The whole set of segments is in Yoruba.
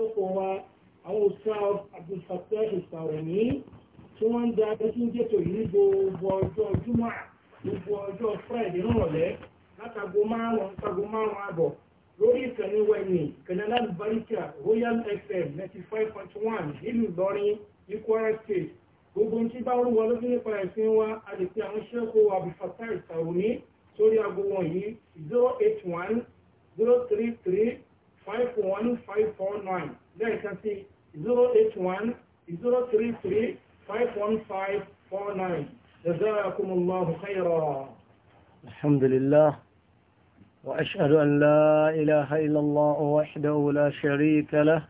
sọ́kọ̀ wa àwọn òṣìṣẹ́ àbúṣàtẹ́ ìsàwọ̀ ní tí wọ́n ń da ẹtí ń jẹ́tò yìí ní gbogbo ọjọ́ júmọ́ gbogbo ọjọ́ friday nírọ̀lẹ́ látago márùn-ún látago márùn-ún àbọ̀ lórí ìkànnì wẹ̀yìn kanada barika royal fm ninety five point one nílùú ìlọrin ní kwara state gbogbo ní tí bá ń wọ lókè nípa ẹ̀sìn wa a lè pe àwọn ṣẹ́kọ̀ọ́ àbúṣàtẹ́ ìsàwọ̀ ní sórí aago wọ̀nyí zero eight one zero three three. five one five four nine lẹ́ẹ̀kan sí جزاكم الله خيرا الحمد لله وأشهد أن لا إله إلا الله وحده لا شريك له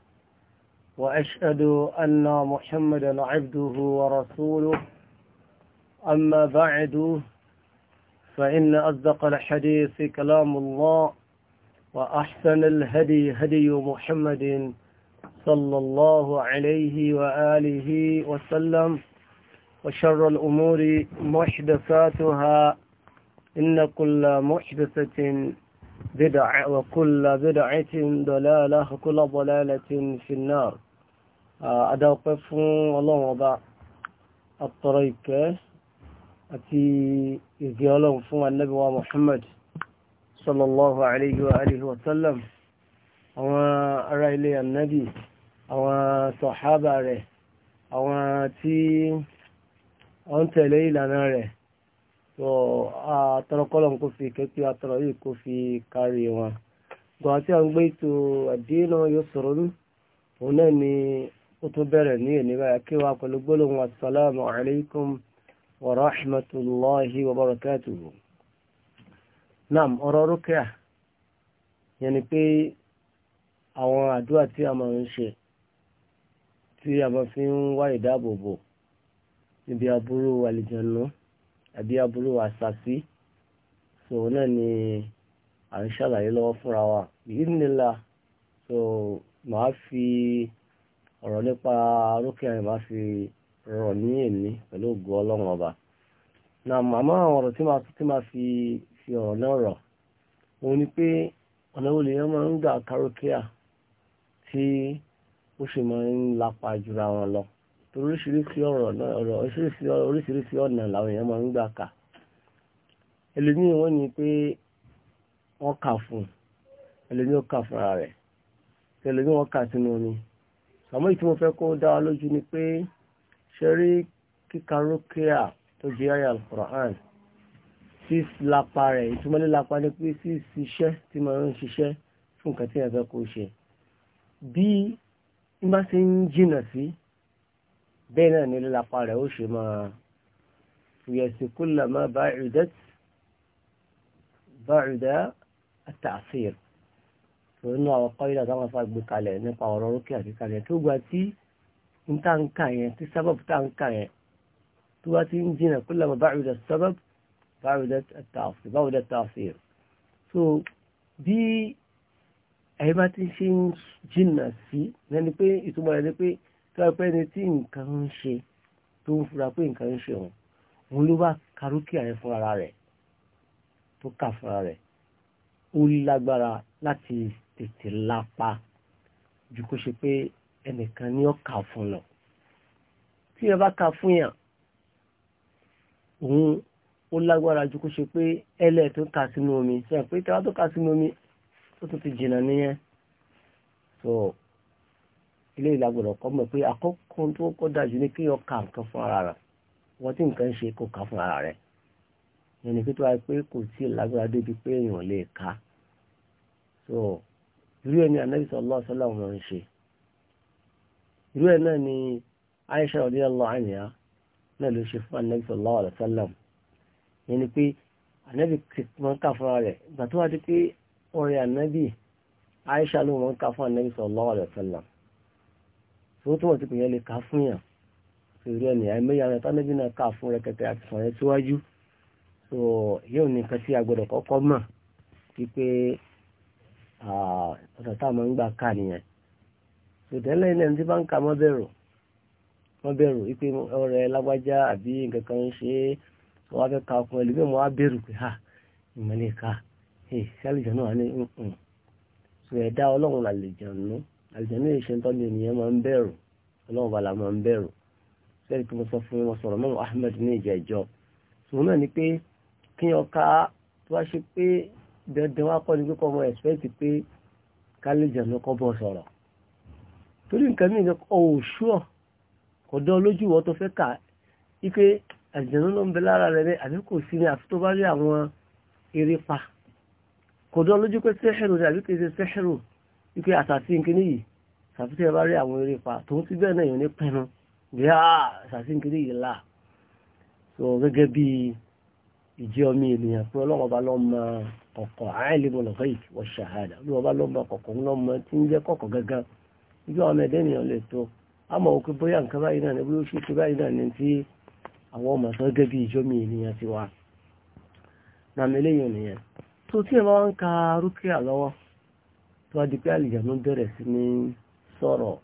وأشهد أن محمدا عبده ورسوله أما بعد فإن أصدق الحديث كلام الله وأحسن الهدي هدي محمد صلى الله عليه وآله وسلم وشر الأمور محدثاتها إن كل محدثة بدع وكل بدعة ضلالة وكل ضلالة في النار أدوقف الله وضع الطريق أتي يزيالهم فوق النبي ومحمد sallallahu alayhi wa alihi wa sallam àwọn ará ilé annabi àwọn sọ̀hábà rẹ̀ àwọn tí wọ́n tẹ̀lé ìlànà rẹ̀ tó àtọrọkọ́lọ̀ kó fi kẹ́kẹ́ àtọrọ yìí kó fi kárí wọn gbọ́n àti àwọn gbé ètò àdínà yóò sọ̀rọ̀ nù òun náà ni ó tó bẹ̀rẹ̀ ní ènìyàn akéwà pẹ̀lú gbólóhùn assalamu alaikum wa rahmatullahi wa barakatuhu nam ọ̀rọ̀ rúkìá yẹn ni pé àwọn àdúrà tí a máa ń ṣe tí a máa fi ń wá ìdáàbòbò níbi aburú àlìjànú àbí aburú àṣàṣì so náà ni à ń ṣàlàyé lọ́wọ́ fúnra wa yìí nílà so màá fi ọ̀rọ̀ nípa rúkìá yẹn màá fi rọ̀ ní èmi pẹ̀lú ògùn ọlọ́run ọba. nà màmá àwọn ọ̀rọ̀ tí màá fi fi ọ̀rọ̀ náà rọ̀ òun ni pé ọ̀nà wo lèèyàn máa ń gbà kárókíà tí ó sì máa ń lapa jura wọn lọ oríṣiríṣi ọ̀rọ̀ náà oríṣiríṣi ọ̀nà làwọn èèyàn máa ń gbà kà ẹlòmíì wọ́n ní pé wọ́n kà fún ẹlòmíì ó kà fúnra rẹ̀ ẹlòmíì wọ́n kà sínú omi àmọ́ mo fẹ́ kó dá wa lójú ni pé ṣe rí kíkarókíà tó jẹ́ sílapa rẹ̀ ìtumọ̀ lílapa ni pé síṣiṣẹ́ tí máa ń ṣiṣẹ́ fún nǹkan tí yẹn fẹ́ kó ṣe bí n bá ṣe ń jìnà sí bẹ́ẹ̀ náà ni lílapa rẹ̀ ó ṣe máa fìyẹ̀sì kúlà máa bá ìdẹ́t bá ìdá àtàfíìr tòun náà àwọn kọ́ ìlà táwọn afá gbé kalẹ̀ nípa ọ̀rọ̀ rókè àti kalẹ̀ tó gba tí n tá ń kà yẹn tí sábàbù tá ń kà yẹn tó bá ti ń jìnà kúlà máa bá ìdá sábàbù بعد التعصير بعد التعصير so bí ẹ̀yìn bá ti ṣe ń jìnnà sí lẹ́ni pé ìtumọ̀ rẹ̀ ni pé tó ẹ pé ẹni tí nǹkan ń ṣe tó ń fura pé nǹkan ń ṣe òun òun ló bá karókè ààrẹ fún ara rẹ̀ tó kà fúnra rẹ̀ ó lágbára ni ó kà fún lọ tí ẹ bá kà fún yàn òun ó lágbára ju kó ṣe pé ẹlẹ́ tó kà sínú omi ṣe pé tẹ́wá tó kà sínú omi ó tún ti jìnà nìyẹn so ilé ìlàgbọ̀dọ̀ kọ́ mọ̀ pé àkọ́kọ́ tó kọ́ dájú ní kí ọkà nǹkan fún ara rẹ̀ wọ́n tí nǹkan ṣe kò kà fún ara rẹ̀ yẹn ni pípa pé kò sí ìlágbára débi pé èèyàn lè ka so irú ẹni Ànábì sallallahu alaihi ń ṣe irú ẹ náà ni Aisha radiyallahu anha náà ló ṣe fún Ànábì sallallahu alaihi wasallam yẹn ni pé ànábì kìtìmọ́ kà fúnra rẹ̀ ìgbà tó wá di pé ọ̀rẹ́ ànábì Aisha ló wọ́n kà fún ànábì sallallahu alaihi wasallam tó túmọ̀ sí pé yẹn lè kà fún yàn torí ẹni àìmẹ́yà rẹ̀ tánàbí náà kà fún rẹ̀ kẹtẹ àti sọ̀rọ̀ síwájú so yóò ní nǹkan tí a gbọ́dọ̀ kọ́kọ́ mọ̀ wípé ọ̀sán tá a máa ń gbà ká nìyẹn sòtẹ́lẹ̀ ilẹ̀ tí bá ń ka mọ́ bẹ̀rù mọ́ bẹ̀rù wípé ọ̀rẹ́ lágbájá àbí nǹkan kan ń ṣe é wọ́n fẹ́ ka ọkùnrin ẹlòmíì wọ́n bẹ̀rù pé ha ìmọ̀ lè ka ẹ̀ sí àlùjànnú wà ní nǹkan sọ ẹ̀dá ọlọ́run àlùjànnú àlùjànnú yìí ṣe ń tọ́jú ènìyàn máa ń bẹ̀rù ọlọ́run bàlá máa ń bẹ̀rù sẹ́ni tí sọ fún wọn sọ̀rọ̀ mọ́mọ́ Ahmed ní ìjà ìjọ sùn náà ni pé kí wọn ká tó wá ṣe pé dandan wá kọ́ ni pé kọ́ ọmọ ẹ̀sìpẹ́ǹtì pé kálíjànnú kọ́ bọ́ sọ̀rọ̀ torí nǹkan mìíràn àjẹ̀nú ló ń bẹ lára rẹ̀ ní àbí kò sí ní àfi tó bá rí àwọn eré pa kò dán lójú pé sẹ́hẹ̀rù ni àbí kò ṣe sẹ́hẹ̀rù wípé àtàtì nkíní yìí tàbí tí ẹ bá rí àwọn eré pa tòun ti bẹ́ẹ̀ náà yàn ní pẹnu bí a ah, àtàtì nkíní yìí là so gẹ́gẹ́ bí ìjẹ́ ọmọ ènìyàn pé ọlọ́run ọba lọ́ mọ ọ̀kọ̀ àìlèmọ̀ lọ́kọ̀ yìí wọ́n ṣàhádà ọlọ́run ọba lọ́ mọ ọ̀kọ̀ ńlọ́ tí ń jẹ́ kọ̀kọ̀ àwọn ọmọ sọ gẹ́gẹ́ bí ènìyàn ti wà nàmì eléyìí nìyẹn tó tí ẹ ń ka rúkìá lọ́wọ́ tó wá di pé àlìjànú bẹ̀rẹ̀ sí ní sọ̀rọ̀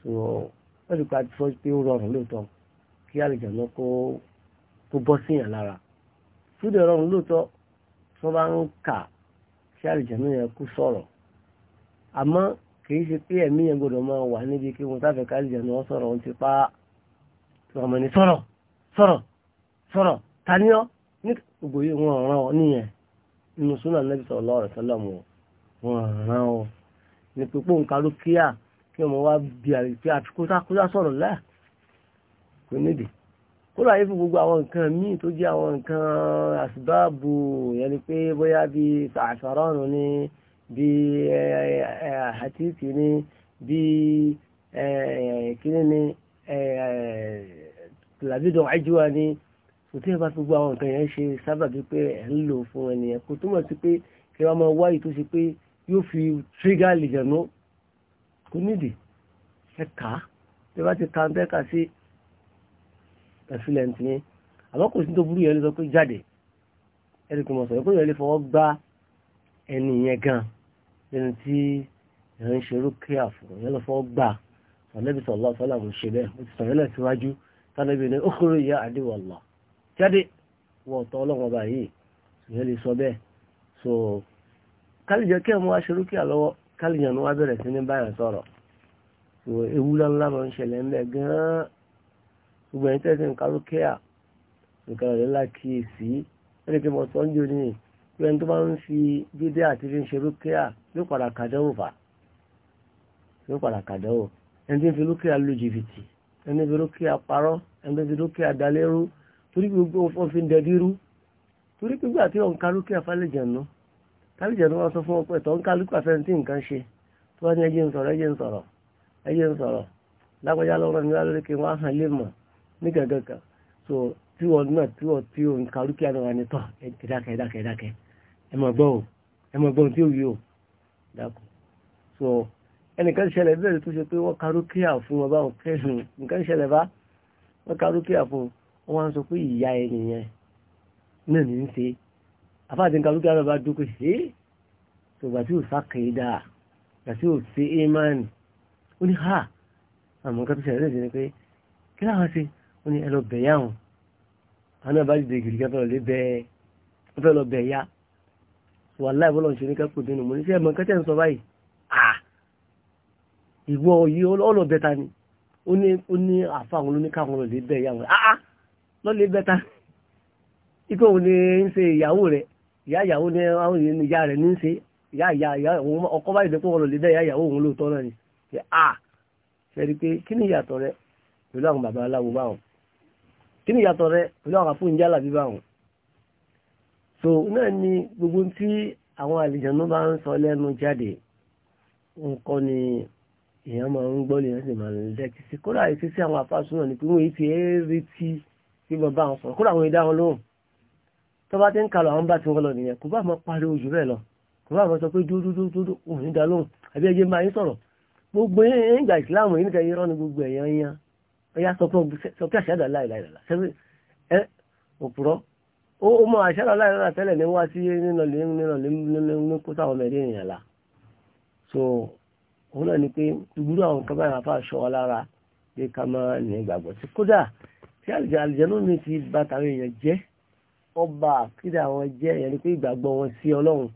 tó àmọ́ kìí ṣe pé ẹ̀mí yẹn gbọ́dọ̀ máa wà níbi kí wọ́n sáfẹ́ kí àlìjànú wọn sọ̀rọ̀ wọn ti pa ọmọ ní sọ̀rọ̀ sọ̀rọ̀ sọ̀rọ̀ taniọ́ ní gbogbo yìí wọn ràn ọ nìyẹn nínú súnà nàbí sallallahu alaihi wasallam wọn ràn ọ ní pípọ̀ nǹkan ló kíyà kí ọmọ wa bí àrí pé àtikúsákúsá sọ̀rọ̀ láà kò nídìí kódà yìí fún gbogbo àwọn nǹkan míì tó jẹ́ àwọn nǹkan àsìbáàbò yẹn ni pé bóyá bí sàṣàrọ́ọ̀nù ni bí àtìkì ni bí kíní ni làbídàn àjúwà ni kò tí ẹ bá fi gbọ́ àwọn nǹkan yẹn ṣe sábàbí pé ẹ̀ ń lò fún ẹnìyẹn kò túmọ̀ sí pé kí wọ́n máa wáyé tó ṣe pé yóò fi tírígà lìjànú kò nídìí ẹ kà á tí wọ́n ti ka ń tẹ́ka sí ẹ̀fílẹ̀ǹtì yẹn àmọ́ kò sí tó burú yẹn ló sọ pé jáde ẹni tó mọ̀ sọ̀rọ̀ pé yẹn lè fọwọ́ gbá ẹni yẹn gan lẹ́nu tí ẹ̀ ń ṣerú kíá fún yẹn lọ fọwọ́ gbà sọ̀lẹ́bí sọ̀lá sọ́lá ń ṣe bẹ́ẹ̀ ó ti sọ̀rọ̀ tánàbí ní ókúrò ìyá àdíwọ̀lá jáde wọ́n tọ́ ọlọ́wọ́n bá yìí ìyẹn lè sọ bẹ́ẹ̀ so kálíjẹ́ kí ọmọ aṣerúkíà lọ́wọ́ kálíjẹ́ ni wọ́n bẹ̀rẹ̀ sí ní báyọ̀ sọ̀rọ̀ so ewu ńláńlá máa ń ṣẹlẹ̀ ńlẹ̀ gan-an gbogbo ẹ̀yìn tẹ́sí ń kárúkíà nǹkan rẹ̀ lákìísí ẹni pé mo sọ ń jò ní pé ẹni tó bá ń fi jíde àti fi ń ṣe ló padà kàdánwò fà ló padà kàdánwò ẹni tí ń fi rúkíà lu jìbìtì ẹni bí rúkìá parọ́ ẹni bí rúkìá dalérú torí gbogbo wọn fi ń dẹbí rú torí gbígbà tí wọn ń ka rúkìá fálẹ̀jẹ̀nu kálíjẹ̀nu wọn sọ fún wọn pé tó ń kálukú àfẹnitì nǹkan ṣe tó wọn ní ẹjẹ ń sọ̀rọ̀ ẹjẹ ń sọ̀rọ̀ ẹjẹ ń sọ̀rọ̀ lọ́rọ̀ ní lálẹ́ kí wọ́n hàn lè mọ̀ ní gàgàn so tí wọn náà tí wọn tí wọn ń ka rúkìá náà wà ní tọ́ ẹ̀dákẹ́ ẹ̀dákẹ́ ẹ̀dákẹ́ ẹ mọ̀ gbọ́ ẹ mọ̀ gbọ́ so ẹnìkan ṣẹlẹ̀ bẹ́ẹ̀ tó ṣe pé wọ́n karókíà fún wọn báwọn kẹsùn nǹkan ṣẹlẹ̀ bá wọ́n karókíà fún wọn wá ń sọ pé ìyá ẹnìyẹn náà ní í ṣe àfáàtì nǹkan lókè àrọ̀ bá dúpẹ́ ṣe é ṣùgbà tí ò sákèédà gbà tí ò ṣe é mánì ó ní ha àmọ́ nǹkan tó ṣẹlẹ̀ lẹ́sìn ni pé kí láwọn ṣe ó ní ẹ lọ bẹ̀ yá wọn àwọn náà bá dìde gidi ká fẹ́ lọ bẹ̀ ẹ fẹ́ lọ bẹ̀ yá wàláì bọ́lọ̀ ń ṣe ní kápò dénú mo ní sẹ́ ẹ̀ mọ̀ nǹkan ń sọ báyìí ìwọ yìí ọlọ́ọ̀bẹ ta ni ó ní ó ní àfa àwọn oníkàwọn lọ lè bẹ ìyàwó ah, ah lọ lè bẹ ta ikú òun ni ń ṣe ìyàwó rẹ ìyá ìyàwó ni àwọn èèyàn ni ìyá rẹ ní ń ṣe ìyá ìyá ìyá òun ọkọ báyìí dẹ́kun wọn lọ lè bẹ ìyá ìyàwó òun lóòótọ́ náà ni ah, ṣe ah ṣẹ́ni pé kí ni ìyàtọ̀ rẹ pẹ̀lú àwọn bàbá aláwo báwọn kí ni ìyàtọ̀ rẹ pẹ̀lú àwọn àfóúnjẹ alábí báwọn so náà ni gbogbo tí àwọn àlejò náà bá ń sọ lẹ́nu jáde nǹkan ni èèyàn máa ń gbọ́ lèèyàn sì máa ń lẹ́tí sí kódà ètí sí àwọn afásúnà ni pé wọ́n èyí fi ẹ́ẹ́rì tí bí wọ́n bá wọn sọ̀rọ̀ kódà àwọn ìdá wọn lóhùn tó bá ti ń kalọ̀ àwọn bá ti wọ́n lọ nìyẹn kò bá máa pariwo jù bẹ́ẹ̀ lọ kò bá máa sọ pé dúdúdúdú òun ìdá lóhùn àbí ẹjẹ máa ń sọ̀rọ̀ gbogbo ẹ̀yìngbà ìsìláàmù yìí nìkan irọ́ ni gbogbo ẹ̀yàn yan ọyá sọ pé àṣàdà láìláìlá òpùrọ́ ó mọ òun náà ni pé gbúrú àwọn kan báyìí àfa aṣọ ọlára pé ká máa ní ìgbàgbọ́ sí kódà tí àlùjànnú mi ti bá tàwọn èèyàn jẹ́ ọba àkídà wọn jẹ́ ìyẹn ni pé ìgbàgbọ́ wọn sí ọlọ́run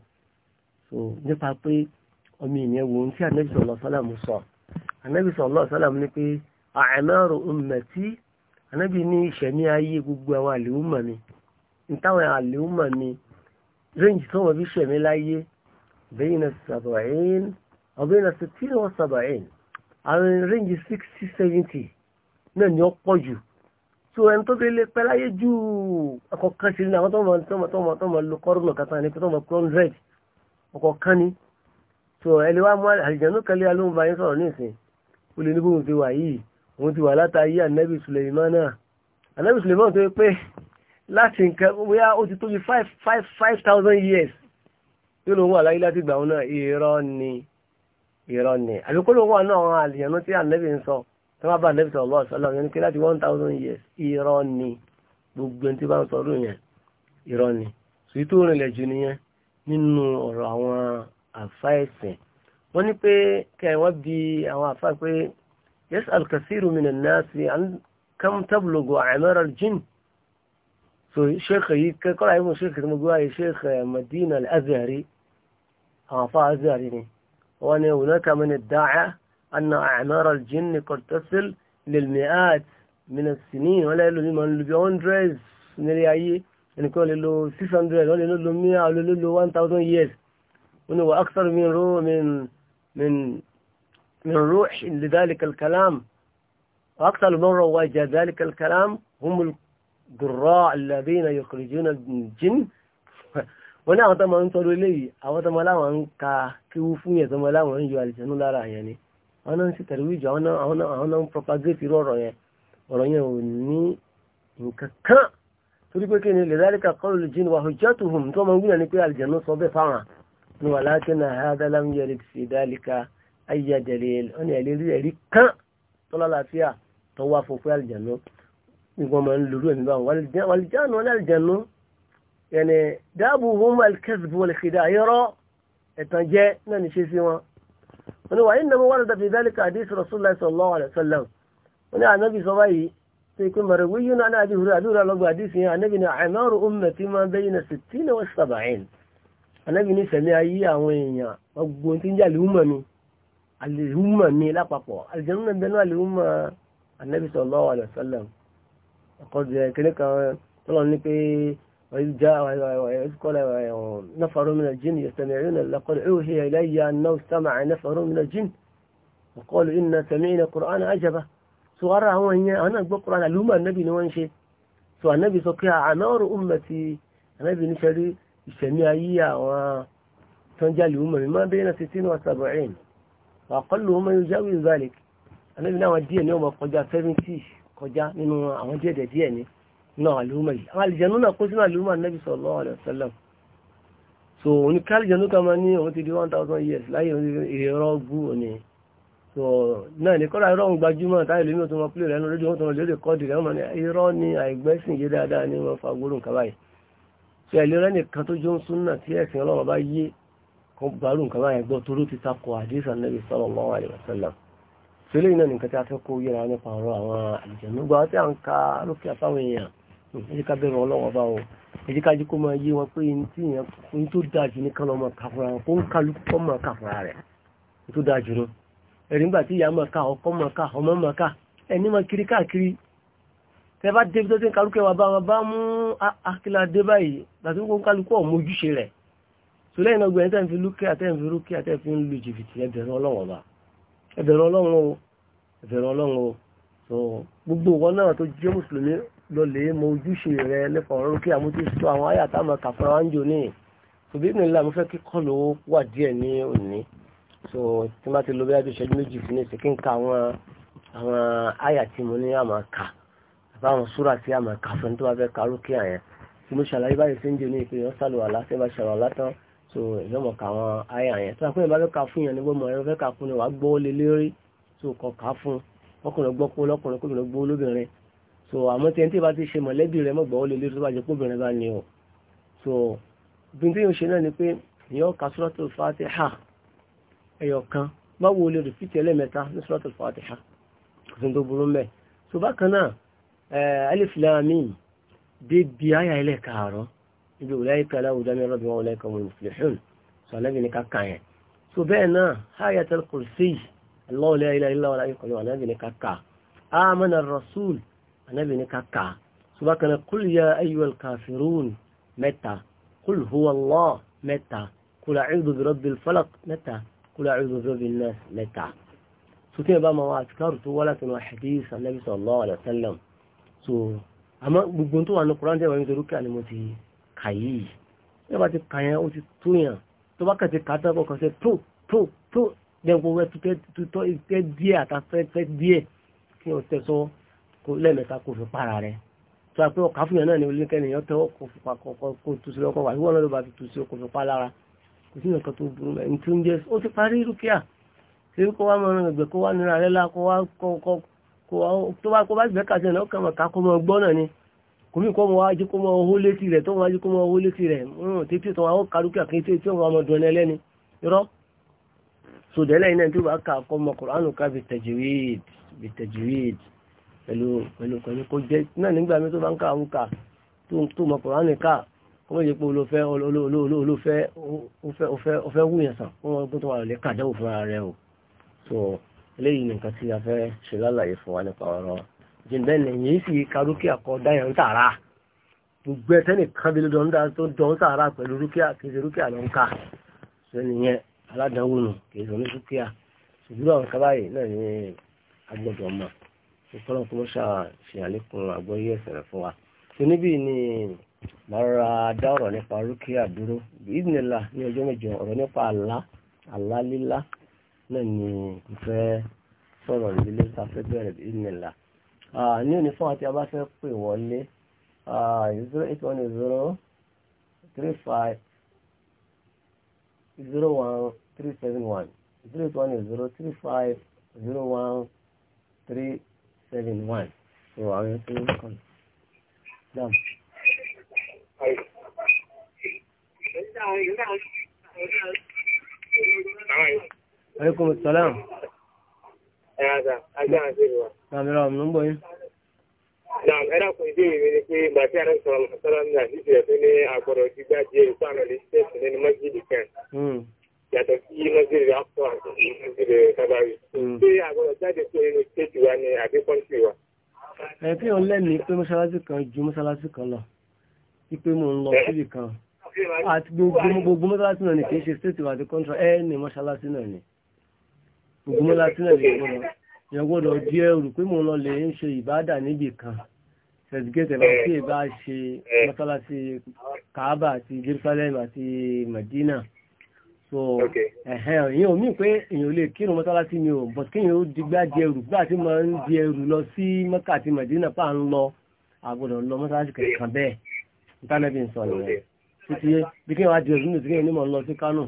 so nípa pé ọmọ ìyẹn wo ohun tí anabi sallallahu alaihi wasallam sọ anabi sallallahu alaihi wasallam ni pé a'maru ummati anabi ní ìṣẹ̀mí ayé gbogbo àwọn àlèhùnmọ̀ mi nítawọn àlèhùnmọ̀ mi rẹ́ǹjì tó wọn fi ṣẹ̀mí láyé bẹ́yìn náà sàbọ̀ ẹ̀yìn ọ̀bẹ̀rẹ̀ sixteen or seventeen àwọn range sixty seventy náà ni ó pọ̀ jù tó ẹni tó bẹ lé pẹ́ láyé jù ọkọ̀ọ̀kan ṣe ní àwọn tó máa tó máa tó máa tó máa lo kọ́rùnù kàtà ní tó máa kọ́ hundred ọkọ̀ọ̀kan ni tó ẹni wá mú àlìjánu kẹlẹ́ alóhùn bá yín sọ̀rọ̀ ní ìsìn ó lè ní bóun ti wà yìí òun ti wà látàyé ànábì Sùlẹ̀mánà ànábì Sùlẹ̀mánà tó yẹ pé láti nǹkan bóyá ó ti tó bí five five five thousand years yóò lóun wà láyé láti gbà wọn náà irọ́ ni irọ́ ni àbíkóló wà náà àwọn àlìyànú tí ànẹ́bì ń sọ tó bá bá ànẹ́bì sọ lọ́ọ̀ sọ́lọ́ yẹn kí láti one thousand years irọ́ ni gbogbo tí bá ń sọ lóyún yẹn irọ́ ni sùí tó rìnlẹ̀ jù nìyẹn nínú ọ̀rọ̀ àwọn àfa ẹ̀sìn wọ́n ní pé kẹ́ wọ́n bi àwọn àfa pé yes alkasiru min annasi kam tablugu a'mar aljin so sheikh yìí kẹ́kọ́ láyé mo sheikh mo gbé wáyé sheikh madina al àwọn àfa azhari ni. وأن هناك من ادعى أن أعمار الجن قد تصل للمئات من السنين ولا يقول لهم أن لبيون دريز أن يكون له 600 ولا يقول له 100 ولا يقول له 1000 years وأنه أكثر من روح من من من روح لذلك الكلام وأكثر من رواج ذلك الكلام هم القراء الذين يخرجون الجن wọ́n ní àwọn tó máa ń tọrọ eléyìí àwọn tó máa láwọn ń ka kíwú fún yẹn tó máa láwọn ń yọ àlìjẹnú lára yẹn ni àwọn náà ń sì tẹ̀lẹ́wìjọ àwọn náà ń propagate irú ọ̀rọ̀ yẹn ò ní nǹkan kan torí pé kí ni lè dáríkà kọ́lù lè jìn wà hujjatuhum tó máa ń gbìyànjú ni pé àlìjẹnú sọ bẹ́ẹ̀ fáwọn يعني دابهم الكذب والخداع يرى التنجاء ننشي سوا وإنما ورد في ذلك حديث رسول الله صلى الله عليه وسلم ونعى النبي صلى الله عليه وسلم مروي عن أبي هريرة له حديث عن النبي عمار أمتي ما بين الستين والسبعين النبي نسمي أي أوين وقلت إن جاء الأمم الأمم لا بقى الجنة بين الأمم النبي صلى الله عليه وسلم قد كذلك طلع نبي وإذ جاء وإذ قال نفر من الجن يستمعون لقد أوحي إلي أنه استمع نفر من الجن وقالوا إن سمعنا القرآن عجبا سوارا هو هي أنا أقول قرآن لما النبي شيء سوى النبي سقيا عمار أمتي النبي نشري يسمي أيها وتنجل ما بين ستين وسبعين وأقلهم يجاوز ذلك النبي نوى الدين يوم قجا 70 قجا منه أوجد ديني náà àlùmọ̀ yìí àwọn àlìjẹ̀nú náà kó sínú àlùmọ̀ ànábì sallallahu alaihi wasallam so òní kálìjẹ̀nú kan máa ní òun ti di 1000 years láyé ìrọ̀ gbú òní so náà ní kọ́ra ìrọ̀ ń gbajúmọ̀ táyé lómi tó máa pílè rẹ̀ nù rédíò tó máa lédè kọ́ọ̀dì rẹ̀ wọ́n ìrọ̀ ní àìgbẹ́sìn yé dáadáa so ẹ̀lẹ́ rẹ̀ nìkan tó jó ń sún náà tí ẹ̀sìn ọlọ́run bá yé kan gbárù nǹkan sallallahu alaihi wasallam so eléyìí náà nìkan tí a fẹ́ kó yẹra nípa ọ̀rọ̀ àwọn àlìjẹ̀nú gbọ́ tí à ń ka lókè àfáwọn èèyàn ẹjíká bẹ̀rù ọlọ́wọ́ bá o ẹjíká jí kó máa yé wọn pé ní tó dáa jù ní kan lọ́mọ kàfúrà wọn kó ń kálú kọ́ mọ̀ kàfúrà rẹ̀ ní tó dáa jù nù ẹ̀rí ńgbà tí ìyá mọ̀ ká ọkọ́ mọ̀ ká ọmọ mọ̀ ká ẹni mọ̀ kiri káàkiri tẹ bá débi tó ti ń kálú kẹwà bá wọn bá mú akíla dé báyìí láti kó ń kálú kọ́ ọmọ ojúṣe rẹ̀ sùlẹ́yìn náà gbẹ̀yìn tẹ́ǹfì lúkẹ́ àtẹ́ǹfì lúkẹ́ àtẹ́ǹfì so gbogbo wọn náà tó jẹ́ mùsùlùmí lọlẹ̀ mọ ojúṣe rẹ nípa ọ̀rọ̀ kí àmójú sọ àwọn àyà tá a máa kà fún wa ń jò ní òbí mi nílá mo fẹ́ kí kọ́ wà díẹ̀ ní òní so tí má ti lo bí a bí ìṣẹ́jú méjì fún ẹsẹ̀ kí n ka àwọn àwọn àyà tí mo ní àmà kà àbá àwọn súrà tí àmà kà fún tó bá fẹ́ ka lókè àyẹn tí mo ṣàlàyé báyìí sí ń jò ní ìpè yẹn sálùwà lásẹ̀ bá ṣàlùwà látàn so èyí mọ̀ ká àwọn àyà yẹn tí wọ́n fẹ́ ni ọkùnrin gbọ́ kó lọ́kùnrin kó lọ́gbọ́ lóbìnrin so àmọ́ tí ẹni tí bá ti ṣe mọ̀lẹ́bí rẹ̀ mọ̀gbọ́n ó lè lé tó bá jẹ́ kóbìnrin bá ní o so bí tí yóò ṣe náà ni pé ìyọ́ ka suratul fatiha ẹyọ kan má wo lè rìpítì ẹlẹ́mẹ̀ta ní suratul fatiha kò sí tó burú mẹ́ so bákan náà alif lam mim débi àyà ilẹ̀ kààrọ̀ ibi ulaika lahum hudan rabbihim wa ulaika humul muflihun so anábì ní kàkà yẹn so bẹ́ẹ̀ náà ayatul kursi Allahu la ilaha illa huwa alábì ní kàkà amana rasul anábì ní kàkà ṣùgbọ́n qul ya ayyuhal kafirun mẹ́ta qul huwa Allah mẹ́ta qul a'udhu bi rabbil falaq mẹ́ta qul a'udhu bi rabbin nas mẹ́ta. sókè bá ma wá àtikárù tó wá láti nù hadith anábì sallallahu alaihi wasallam so àmọ́ gbogbo tó wà ní kuran tẹ́wọ̀n nítorí kí ni mo ti kà yìí ẹ bá ti kà yẹn ó ti tó yàn tó bá kà ti kà tó kọ̀ sẹ́ tó tó tó dẹ́gbọ́n wẹ́ tutọ́ ìfẹ́ díẹ̀ àtàfẹ́ díẹ̀ kí wọ́n tẹ̀ sọ́wọ́ kó lẹ́ẹ̀mẹ́ta kó fi para rẹ̀ tó a pé ọ̀ká fún náà ni olóńkẹ́niyàn tẹ́wọ́ kó fi kó tu sí ọkọ̀ wà ìwọ náà ló bá fi tu sí ọkọ̀ fi pa lára kò sí nǹkan tó burú ẹni tó ń jẹ ó ti parí rúkìá ṣé kó wá mọ ẹgbẹ́ kó wá nira rẹ̀ lá kó wá tó kó ni kò mí kó mọ wá jí kó mọ owó létí rẹ̀ tó mọ wá jí kó mọ owó létí rẹ̀ títí tó wọn ó ka rúkìá kí tí wọn mọ dùn ẹlẹ́ni irọ́ sòdẹ́lẹ́yìn kà kọ́ ká bi tajwid bi pẹ̀lú pẹ̀lú pẹ̀lú kò jẹ́ náà nígbà mi tó bá ń ká ń ká tó mọ kùránì ká wọ́n yẹ pé olófẹ́ olófẹ́ ofẹ́ wúyàn sàn wọ́n wọ́n tó wà lè kàdáwò fún ara rẹ̀ o so eléyìí nìkan tí a fẹ́ ṣe lálàyé fún wa nípa ọ̀rọ̀ jìnbẹ́ nìyí sì ka rúkìá kọ dáyàn tààrà gbogbo ẹ̀ tẹ́nìkan bí lọ́dọ̀ ńdá tó dán tààrà pẹ̀lú rúkìá kì í ṣe rúkìá ló ń ká so nìyẹn aládàáwò nù kì í ṣe oníṣúkìá ṣùgbọ́n àwọn kábàáyé náà ní agbọ́dọ̀ mọ̀ ìfọ́nà kó mọ́ ṣàṣì àlékún àgbọ́yé ẹ̀sẹ̀ rẹ̀ fún wa. tó ni màá ra dá ọ̀rọ̀ nípa rúkìá dúró ìdílélà ní ọjọ́ mẹ́jọ ọ̀rọ̀ nípa àlá àlá lílá náà ni kò fẹ́ sọ̀rọ̀ ìdílé ta fẹ́ bẹ̀rẹ̀ ìdílélà. ní òní fún àti abá fẹ́ pè wọlé zero eight one zero three five zero one three seven one zero eight one zero three five zero one three seven one so àwọn ẹni tó ń kàn dam. aleykum salaam. ẹ ẹ sà ajá àti ìwà. sàmìlà ọ̀mù ń bọ̀ yín. Naam, ẹ̀rọ kò dé ìwé ni pé Bàtí Àrẹ sọ̀rọ̀ Màsálà ní àdìsí rẹ̀ tó ní àgbọ̀rọ̀ gbígbá jẹ́ ìpànà lè ṣẹ̀sìn nínú mọ́jìdì kan. Hmm yàtọ̀ sí lọ́sẹ̀rẹ̀ afọ́n lọ́sẹ̀rẹ̀ kábàárì. ṣé àgbọ̀dọ̀ jáde pé stéètì wa ni àbí kọ́ńtì wa. ẹ kí n lẹ́nu pé mọ́ṣáláṣí kan ju mọ́ṣáláṣí kan lọ wípé mò ń lọ eh? síbì kan àti gbogbo mọ́ṣáláṣí náà ni kì í ṣe stéètì wa àti kọ́ńtì ẹ ní mọ́ṣáláṣí náà ni gbogbo mọ́ṣáláṣí náà ni gbọ́dọ̀ yẹn gbọ́dọ̀ di ẹrù pé mò ń lọ lè ń ṣe ìbádà níbì kan sẹ̀dígẹ́tẹ̀ lọ sí ìbá ṣe eh. mọ́ṣáláṣí Kaaba àti Jerusalem àti Madina so ẹ̀hẹ́n èyàn ò mí pé èyàn ò lè kírun mọ́sálásí mi ò but kéèyàn ó digbá di ẹrù gbá tí mo ń di ẹrù lọ sí Mẹ́kà àti Mẹ̀dínà pa ń lọ àgbọ̀dọ̀ lọ mọ́sálásí kankan bẹ́ẹ̀ ìtànẹ́bí ń sọ nìyẹn títí bí kéèyàn wá di ẹrù mi kéèyàn ní mọ̀ ń lọ sí Kánò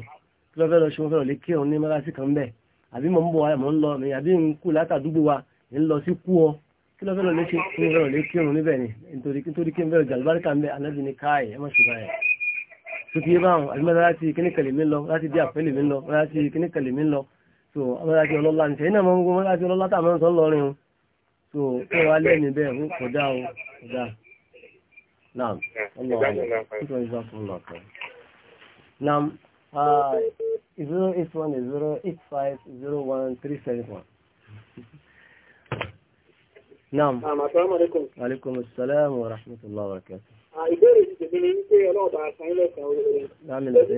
kí lọ́ fẹ́ lọ ṣe mo fẹ́ lọ lè kírun ní mọ́sálásí kan bẹ́ẹ̀ àbí mo ń bọ̀ mo ń lọ mi àbí n kú látàdúgbò wa ń lọ sí kú ọ kí lọ́ fẹ́ lọ lè ṣe kí mo fẹ́ lọ lè kírun níbẹ̀ ni nítorí kí n tó rí kí n fẹ́ lọ jàlúbáríkà ń bẹ sókè yé báwọn àdìmọ́lá láti kíníkàlè mi lọ láti bí àpẹẹlẹ mi lọ láti kíníkàlè mi lọ so amọ́láti ọlọ́lá ní sẹ́yìn náà mọ́ gbogbo amọ́láti ọlọ́lá tà mọ́ sọ́ lọ́rin o so kí wọ́n lé ní bẹ́ẹ̀ kò dá o kò dá naam naam ah, zero eight one zero eight five zero one three seven one. Naam. Assalamu alaikum. Wa alaikum assalam wa rahmatullahi wa Ah, ìbéèrè ti tèmi ni wípé ọlọ́ọ̀bà àṣàyàn lẹ́sàn orí rẹ̀ lẹ́sìn tí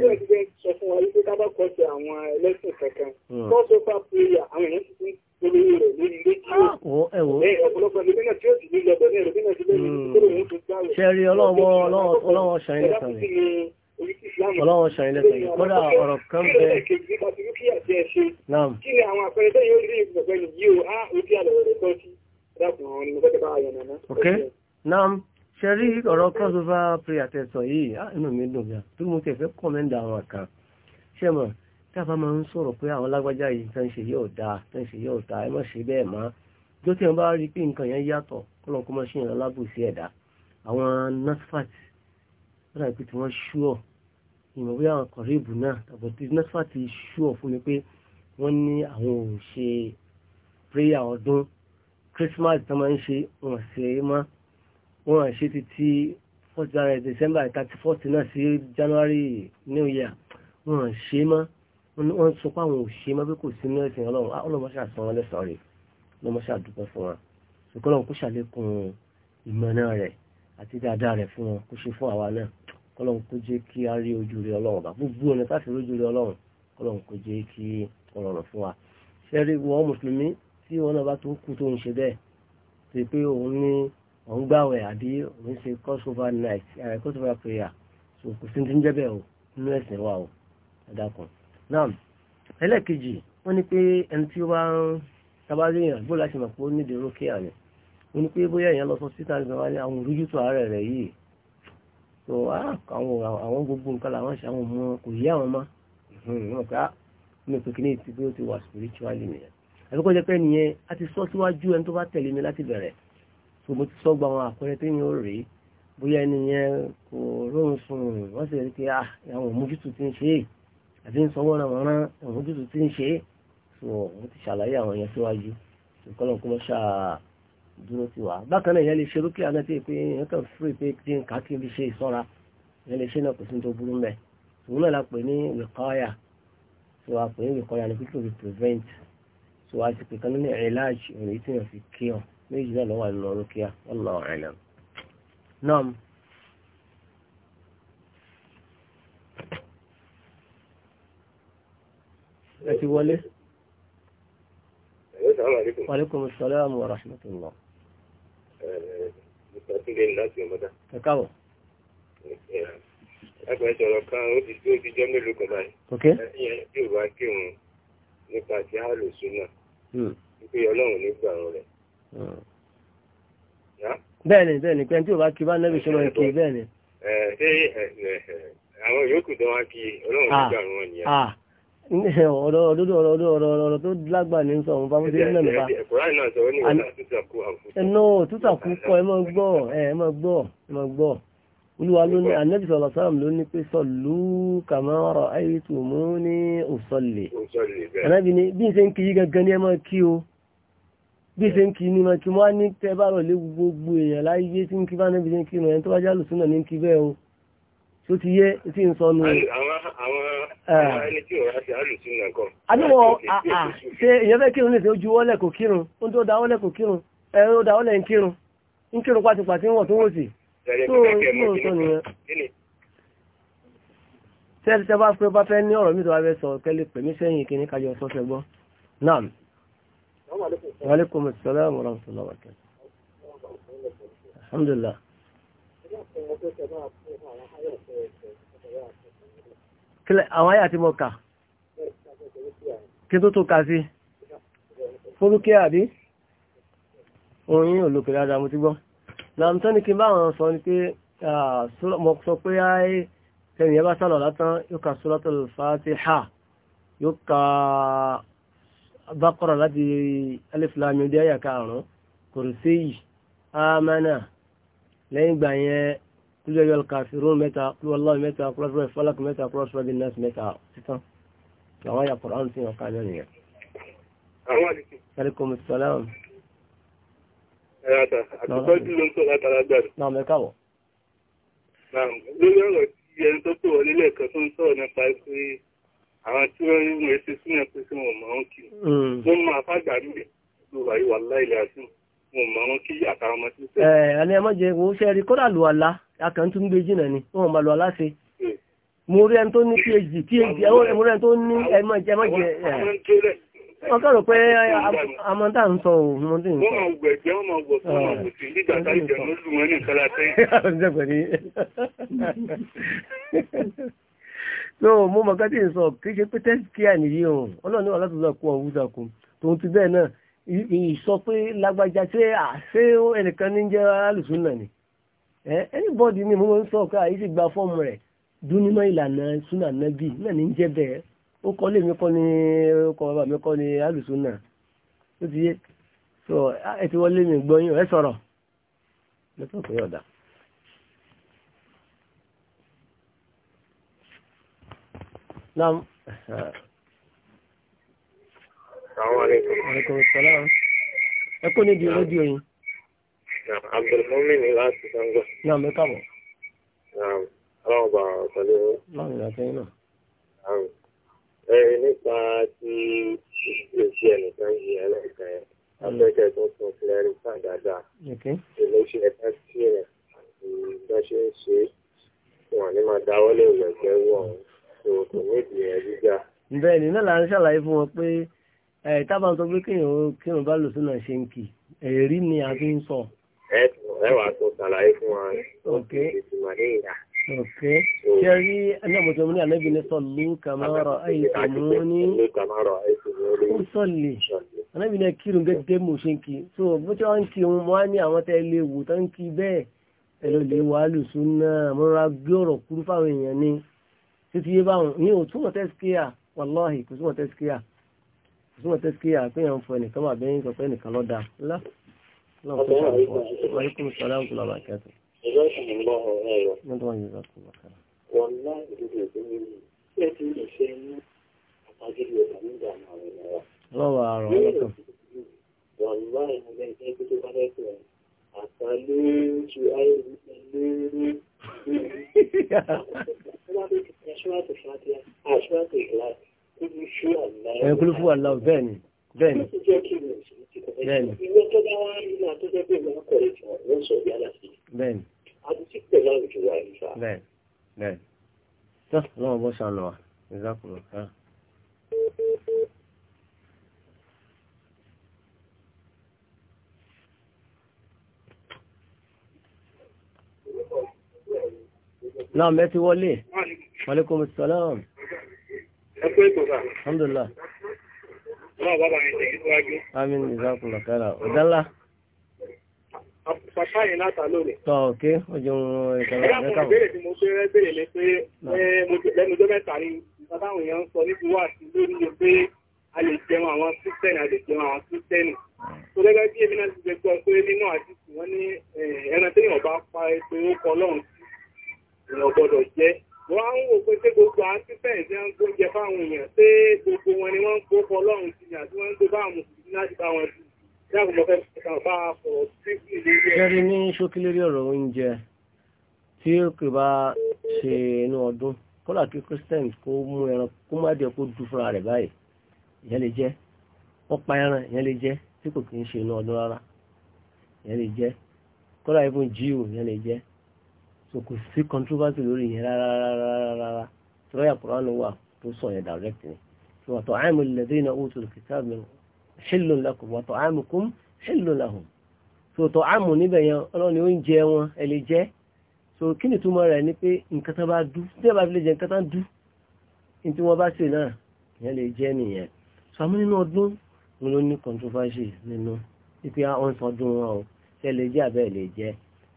wọ́n sọ fún wa wípé ká bá kọ́ sí àwọn ẹlẹ́sìn kankan kọ́sọ́ fà péyà àwọn èèyàn ti tún polówó rẹ̀ lórí rédíò bẹ́ẹ̀ ah, eh, ọ̀pọ̀lọpọ̀ ní bínà tí ó sì ní lọ bẹ́ẹ̀ rẹ̀ bínà tí ó sì ní kúrò ní tó gbà rẹ̀. sẹ́rí ọlọ́wọ́ ọlọ́wọ́ ṣàyìn lẹ́sàn rẹ̀ ọlọ́wọ́ ṣàyìn lẹ́sàn rẹ̀ kí ni àwọn àpẹẹrẹ bẹ́ẹ̀ yóò rí ìgbàgbọ́ yìí o á ah, ojú àlọ́ rẹ̀ tọ́jú dákùn ọ̀rọ̀ ni mo fẹ́ bá a yànnà náà ṣe rí ọ̀rọ̀ crossover prayer tẹ̀sọ̀ yìí ah, inú mi dùn gan tó mú tẹ̀fẹ́ kọ́mẹ́ndà àwọn kan ṣe mọ̀ tábà máa ń sọ̀rọ̀ pé àwọn lágbájá yìí tán ṣe yóò dáa tán ṣe yóò dáa ẹ má ṣe bẹ́ẹ̀ má jó tí wọn bá rí pé nǹkan yẹn yàtọ̀ kọ́lọ́n kó má ṣe ìran lábùsí ẹ̀dá àwọn nasfat wọ́n dàbí tí wọ́n ṣúọ̀ ìmọ̀ bóyá àwọn kọ̀rìbù náà tàbí tí nasfat ṣúọ̀ fún mi pé wọ́n ní àwọn ò ṣe prayer ọdún Christmas tó máa ń ṣe wọn ṣe é máa wọ́n à ṣe ti ti first january december thirty first náà sí january new year wọ́n à ṣe mọ́ wọ́n sọ pé àwọn ò ṣe mọ́ pé kò sí nínú ẹ̀sìn ọlọ́run ah, ọlọ́run ṣáà san wọn lẹ́sàn-án rẹ̀ ọlọ́run ṣáà dúpẹ́ fún wọn ṣùgbọ́n ọlọ́run kó ṣàlékún ìmọ̀nà rẹ̀ àti dáadáa rẹ̀ fún wọn kó ṣe fún àwa náà kọ́lọ́run kó jẹ́ kí a rí ojú rẹ̀ ọlọ́run bá gbogbo ọ̀nà táfi rójú rẹ̀ ọlọ́run kọ́lọ́run kó jẹ́ kí ọ̀rọ̀ fún wa ṣẹ́rí wọn mùsùlùmí tí wọn náà bá tó kú tó ń ṣe bẹ́ẹ̀ ṣe pé òun ní òun gbàwẹ̀ àbí òun ṣe crossover night eh, crossover prayer so kò sí ti ń jẹ́ bẹ́ẹ̀ o nínú ẹ̀sìn wa o ẹ̀dàkùn náà ẹlẹ́ẹ̀kejì wọ́n ní pé ẹni tí ó bá ń tabarí èèyàn bó láti mọ̀ pé ó nídìí rókèà ni wọ́n ní pé bóyá èèyàn lọ sọ síta nígbà wá ní àwọn olójútó ààrẹ rẹ̀ yìí so àwọn gbogbo nǹkan làwọn ṣe àwọn ọmọ kò yí àwọn mọ́ wọn pé ah mi ò pé kí ní ti bí ó ti wà spiritually nìyẹn àbíkọ́ jẹ́ pé nìyẹn a ti sọ síwájú ẹni tó bá tẹ̀lé mi láti bẹ̀rẹ̀ gbogbo ti sọ́gbà àwọn àpẹẹrẹ tí yóò rí bóyá ẹni yẹn kò rọrùn fún un wọ́n sì rí pé ah, àwọn òmójútó ti ń ṣe é àti ń sanwó ra wọn rán àwọn òmójútó ti ń ṣe é so wọ́n ti ṣàlàyé àwọn yẹn síwájú ìkọlọ̀ kó lọ́ ṣà dúró ti wà. bákan náà ìyẹn lè ṣe lókè àná tí pé èèyàn kàn fúri pé kí n kàá kí n fi ṣe ìṣọ́ra ìyẹn lè ṣe náà kò sí tó burú mẹ́ òun náà la pè ní wìkọ́yà so a pè ní wìkọ́yà ní pípé we prevent so a ti pè kan ní ìlàjì òun èyí tí yàn fi kí hàn méjì náà lọ́wọ́ nínú rúkìá wallahu a'lam. nam ẹ ti wọlé. Wàlékùn sọ́lẹ́wàmù wa rahmatullah. Ẹ káàbọ̀. Ẹgbẹ̀rún sọ̀rọ̀ kan ó ti tó ìjọ mélòó kan báyìí. Ẹyẹ tí ò bá kírun nípa ti àlòsùn náà. Wípé Ọlọ́run nígbà rẹ̀. Hmm. bẹ́ẹ̀ni bẹ́ẹ̀ni pé tí o bá kí bá nẹ́bí ṣe máa bẹ́ẹ̀ni. àwọn yòókù tó wá kí ọlọ́run tó olúwa ló ní ló ní pé o bí ṣe ń kí ní ma tí mo á ní tẹ́ bá rọ̀ lé gbogbo èèyàn láyé tí ń kí bá níbi ṣe ń kí ẹni tó bá jálù súnà ní kí bẹ́ẹ̀ o tó ti yé tí ń sọnù. Ah. àwọn ẹni tí òun láti àlù súnà kan. adúmọ̀ ṣe èèyàn fẹ́ kírun lè ṣe ojú wọlé kò kírun ó tó da wọlé kò kírun ẹ ó da wọlé ń kírun ń bá fẹ́ ní ọ̀rọ̀ mi tó sọ kẹ́lẹ́ pèmí sẹ́yìn kìnnìkan jọ sọ́sẹ̀ gbọ́ náà. Wàlékùn Mùsùlùmí wa rahmatullahi wa barakatuh. Alhamdulillah. Kílẹ̀ àwọn ayé àti mọ̀ kà. Kí tó tó kà sí? Fórúkẹ́ àbí? Oyin olókè dáadáa mo ti gbọ́. Nàmtọ́ ni kí bá wọn sọ ni pé mo sọ pé ayé tẹ̀yìn ẹ bá sálọ̀ látán yóò ka Suratul Fatiha yóò ka bákọ̀rọ̀ láti alifilami ọdí àyà karùn-ún kòrìsí yìí amánà lẹ́yìn ìgbà yẹn kúlẹ̀ yọ kàfírún mẹ́ta kúlẹ̀ ọlọ́ọ̀ mẹ́ta kúlẹ̀ fúlẹ̀ falak mẹ́ta kúlẹ̀ fúlẹ̀ bí nọ́ọ̀sì mẹ́ta títàn làwọn àyà kọ̀rọ̀ àrùn sí wọn káàmì nìyẹn. aleykum salaam. ẹ ata àtúntò ló ń sọ látara gbàdú. àwọn tí wọ́n rí mọ̀ ẹsẹ̀ súnmọ́ pé ọmọ wọn máa ń wọn máa fàgbà níbẹ̀ ló wà yíwà láìlẹ̀ àti wọn máa ń kí àtàwọn ọmọ tí eh, ó ẹ ẹni ẹ wo ṣe rí kódà àlá akàn tún gbé jìnnà ni wọn máa àlá ṣe. Mm. mo rí ẹni tó ní phd phd mo rí ẹni tó ní ẹ ẹ eh. pé ń sọ ń náà mo mọ̀ kẹ́tì sọ kì í ṣe pé tẹ́síkíà nìyí o ọlọ́run ní wà láti lọ́ọ̀kú ọ̀hún sàkó tòun ti bẹ́ẹ̀ náà ìsọ pé lágbájá ṣé àṣé ẹnìkan ní jẹ́ alùsùn náà ni anybody ni mo máa ń sọ ká yìí sì gba fọ́ọ̀mù rẹ̀ dúnímọ̀ ìlànà súnà nábì náà ní jẹ́ bẹ́ẹ̀ ó kọ́ lé mi kọ́ ni ọkọ̀ bàbá mi kọ́ ni alùsùn náà ó ti yé so ẹ ti wọlé mi gbọ́ yín ẹ sọ̀rọ̀ lọ́tọ̀ pé ọ̀dà. Naam. Aleykum salaam. Ẹ kó níbi rédíò yín. Abdulmumin ni láti Sango. Naam, ẹ káàbọ̀. Naam, ọlọ́run bá pẹ̀lú. Láàrin ìrìnàjò náà. Naam. Ẹ nípa ti ìgbésí ẹnìkan yìí ẹlẹ́ẹ̀kan yẹn. Abẹ́kẹ̀ tó tún fúlẹ́rì sàn dáadáa. Ilé iṣẹ́ ẹ̀ka sí rẹ̀ àti ìgbésẹ̀ ṣe wọ́n ní máa dáwọ́lé ìwẹ̀gbẹ́ wọ̀ ọ́n kò nídìí ẹ̀ gíga. bẹ́ẹ̀ ni náà là ń ṣàlàyé fún wọn pé tábà sọ pé kéèyàn kéèyàn bá lò sínú ṣe ń kì èrí ni a fi ń sọ. ẹ ẹ wàá tó ṣàlàyé fún wa. ok ok ṣe rí ẹnìyàmọ̀tò mi ní ànábì ní sọ̀lú kàmárọ̀ àìsàmúní ó sọ̀lì ànábì ní kírun gẹ́gẹ́ mò ṣe ń kí so bó ṣe wọ́n ń kí wọn wá ní àwọn tẹ́ lè wò tó ń kí bẹ́ẹ̀ ẹ̀lọ́lẹ̀ sí ti yé báwọn ìyẹn ò túmọ̀ tẹ́síkíyà wàláhì kò túmọ̀ tẹ́síkíyà kò túmọ̀ tẹ́síkíyà pé yàn ń fọ ẹnìkan wà bẹ́yìn sọ pé ẹnìkan lọ́dà ńlá lọ́wọ́ tó sọ̀rọ̀ fún wa wáyé kúrò sọ̀rọ̀ àwọn kúlọ̀ àbàkẹ́tù. ìjọ ìṣẹ̀lẹ̀ ń bọ̀ ọ̀rẹ́ rẹ̀. nígbà wọn yóò sọ̀rọ̀ bàkàrà. wọn náà ìdíje ìdíje ìṣẹ́ ti ìṣẹ́ ní àpájẹ́lẹ̀ ọ̀gá nígbà àwọn ènìyàn wa. lọ́wọ́ àrùn ọlọ́kàn. wọn náà ìmọ̀lẹ́ ìṣẹ́ tó tó bá lẹ́kọ̀ọ́ àtàlóòjù ayélujára lórí. ẹ̀ kúlú fún àlọ́ bẹ́ẹ̀ ni bẹ́ẹ̀ ni bẹ́ẹ̀ ni. ìwé tó bá wá nínú àtúnṣe pé ìwé ọkọ̀ rẹ̀ ti bẹ́ẹ̀ ni. bẹ́ẹ̀ bẹ́ẹ̀ tó lọ́wọ́ bó ṣàánú wa ìzákùrọ̀ kan. Náà mẹ́tí wọlé. Wàlékùmù sọ́lá. Ẹ pé ètò náà. Alhamdulillah náà bàbá mi tẹ̀yí síwájú. amin láta lónìí. Tọ́ òkè, ó jẹ́ ohun ìkàlẹ̀ Ẹgbẹ́ kan ìbéèrè tí mo ṣe rẹ́ béèrè ni pé mo mẹ́ta ni bàbá èèyàn ń sọ níbi wà sí lórí pé a lè jẹun àwọn kírísítẹ́nì, a lè jẹun àwọn kírísítẹ́nì. Tó gẹ́gẹ́ bí èmi náà ti jẹ gbọ́ pé nínú àdìsí wọ́n ní ẹran tí èèyàn pa ẹgbẹ́ orúkọ Ọlọ́run sí èèyàn jẹ́ wọ́n ń wò pé ṣé gbogbo àtúntẹ̀ ìdí ń gbóúnjẹ fáwọn èèyàn ṣé gbogbo wọn ni wọ́n ń gbókọ ọlọ́run sí àti wọ́n ń gbé bá àwọn mùsùlùmí láti bá wọn sí dákùnmọ́fẹ́ ìṣàǹfà ọ̀pọ̀ sí ìlérí. kẹrin ní ṣókílérí ọ̀rọ̀ oúnjẹ tí kò bá ṣe inú ọdún kọ́lá kí christian kó mú ẹran kó má dé kó dú fúnra rẹ̀ báyìí ìyẹn lè jẹ́ wọ́n pa ẹran ìyẹn lè jẹ́ tí kò kì í ṣe inú ọdún rárá ìyẹn lè jẹ́ kọ́lá ibùn jíù ìyẹn lè jẹ́ so kò sí controversy lórí yẹn rárá rárá rárá tọ́lá Qur'an wà tó sọ yẹn direct ni so wa ta'amul ladhina utul kitab hillun lakum wa ta'amukum hillun lahum so ta'amu níbẹ̀ yẹn ọlọ́run ni oúnjẹ wọn ẹ lè jẹ so kí ni túmọ̀ rẹ̀ ni pé nǹkan tó bá dú tí ẹ bá fi lè jẹ nǹkan tó ń dú ní tí wọ́n bá ṣe náà ìyẹn lè jẹ́ nìyẹn so àmú nínú ọdún wọn ló ní controversy nínú wípé wọ́n ọdún wọn o ṣe lè jẹ́ àbẹ́ lè jẹ́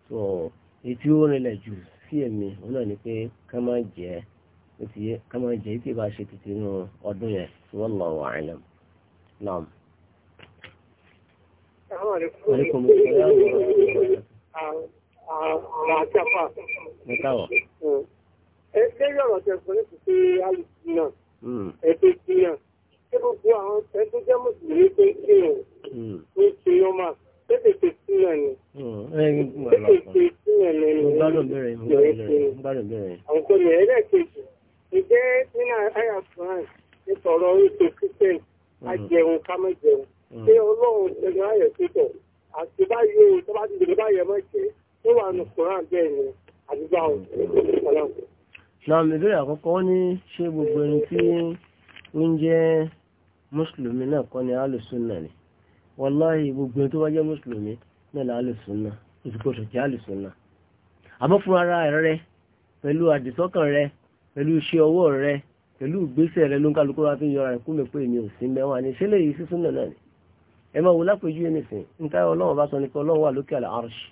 so èyí tí ó rinlẹ̀ jù sí èmi òun náà ni pé ká má jẹ́ ó ti yé ká má jẹ́ tí ìbá ṣe tètè nínú ọdún yẹn tí wọ́n lọ wà ẹ̀lẹ́m náà. Mo hmm. káwọ̀. Ẹ ṣé yọ̀rọ̀ tẹ̀ fún ètò tí a lè fi náà? Ètò ìpìyàn. Ṣé gbogbo àwọn ẹgbẹ́ jẹ́ mùsùlùmí pé kí n hmm. ṣe yọ́mà? pépèpè sí náà ni. Hmm, pépèpè sí náà ni. mo gbádùn bẹ̀rẹ̀ mo gbádùn bẹ̀rẹ̀. àwọn kan ní ẹlẹ́ẹ̀kejì ìjẹ́ nínú àyà france ní sọ̀rọ̀ ètò christian ajẹun hmm. kámẹ́jẹun hmm. ṣé ọlọ́run ẹnu ayọ̀ títọ̀ àti báyìí o tó bá ti dèrè báyìí ẹ má jẹ́ tó wà nù koran bẹ́ẹ̀ ni àdúgbò àwọn ọ̀la. náà ìbéèrè àkọ́kọ́ ní ṣé gbogbo ẹni tí ń jẹ́ mùsùlùmí náà kọ́ ni alùsùn náà ni wàláhì gbogbo tó bá jẹ́ mùsùlùmí náà là alùsùnà ìsìkòtò jẹ́ alùsùnà àmọ́ fún ara rẹ pẹ̀lú àdìsọ́kàn rẹ pẹ̀lú iṣẹ́ ọwọ́ rẹ pẹ̀lú ìgbésẹ̀ rẹ ló ń kálukú wa fi yọra ẹ̀kú mi pé èmi ò sí mẹ́wàá ní ṣẹlẹ̀ yìí sí súnà náà ni ẹ máa wò lápèjú ẹnìsìn níta ọlọ́run bá sọ ní pé ọlọ́run wà lókè àlà àrùsì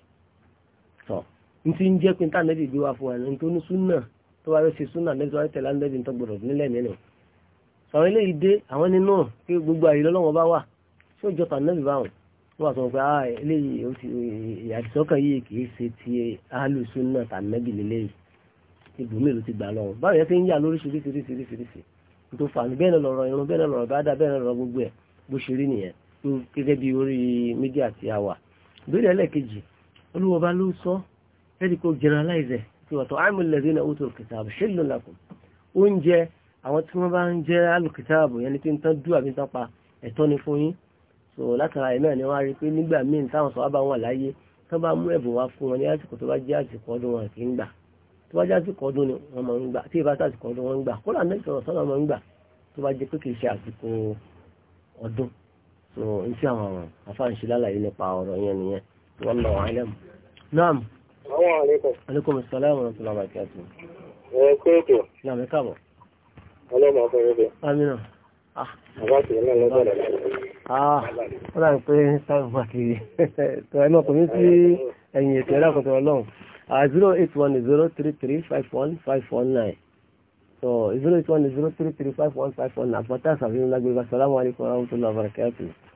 tọ̀ n ti ń jẹ́ pé níta nẹ́bí gbé wa fún wa ní tó ní súnà tó wá fẹ́ ṣe ṣé ó jọta nẹ́bí báwọn wọ́n wá sọ pé ah eléyìí ó ti àdìsọ́kàn yìí kìí ṣe ti alùsùn náà tà nẹ́bí lélẹ́yìí ibùmí ló ti gbà lọ́wọ́ báwo yẹ ti ń yà lóríṣiríṣiríṣiríṣi tó fà ní bẹ́ẹ̀ lọ́rọ̀ irun bẹ́ẹ̀ lọ́rọ̀ dáadáa bẹ́ẹ̀ lọ́rọ̀ gbogbo ẹ̀ bó ṣe rí nìyẹn gẹ́gẹ́ bí orí mídíà tí a wà. ìbéèrè ẹlẹ́ẹ̀kejì olúwo ló sọ ẹ̀rí kó generalize ẹ̀ tí wọ́n tó pa ẹ̀tọ́ ni so látara ẹ̀ náà ni wọ́n á rí pé nígbà míì táwọn sọ̀rọ̀ bá wọn láyé tó bá mú ẹ̀bùn wá fún wọn ní àsìkò tó bá jẹ́ àsìkò ọdún wọn kì í gbà tó bá jẹ́ àsìkò ọdún ni wọ́n máa ń gbà tí ìbá sàsìkò ọdún wọn gbà kódà mẹ́sì sọ̀rọ̀ sọ́nà máa ń gbà tó bá jẹ́ pé kì ṣe àsìkò ọdún so n tí àwọn ọ̀rọ̀ afáǹṣe lálàyé nípa ọ̀rọ̀ yẹn nìyẹn wọ́n lọ wọn lẹ́mu. naam. àwọn àlékún. aleykum salaam wa rahmatulahi wa Ah, ó dàbí pé sáàmù mákìrì tó ẹ̀ náà kò ní sí ẹ̀yìn ètò ẹ̀rọ àkọ́tọ̀ ọlọ́run ah, zero eight one zero three three five one five one nine so zero eight one zero three three five one five one nine àpótá àṣàfihàn lágbègbè assalamu alaikum warahmatullahi wabarakatuh.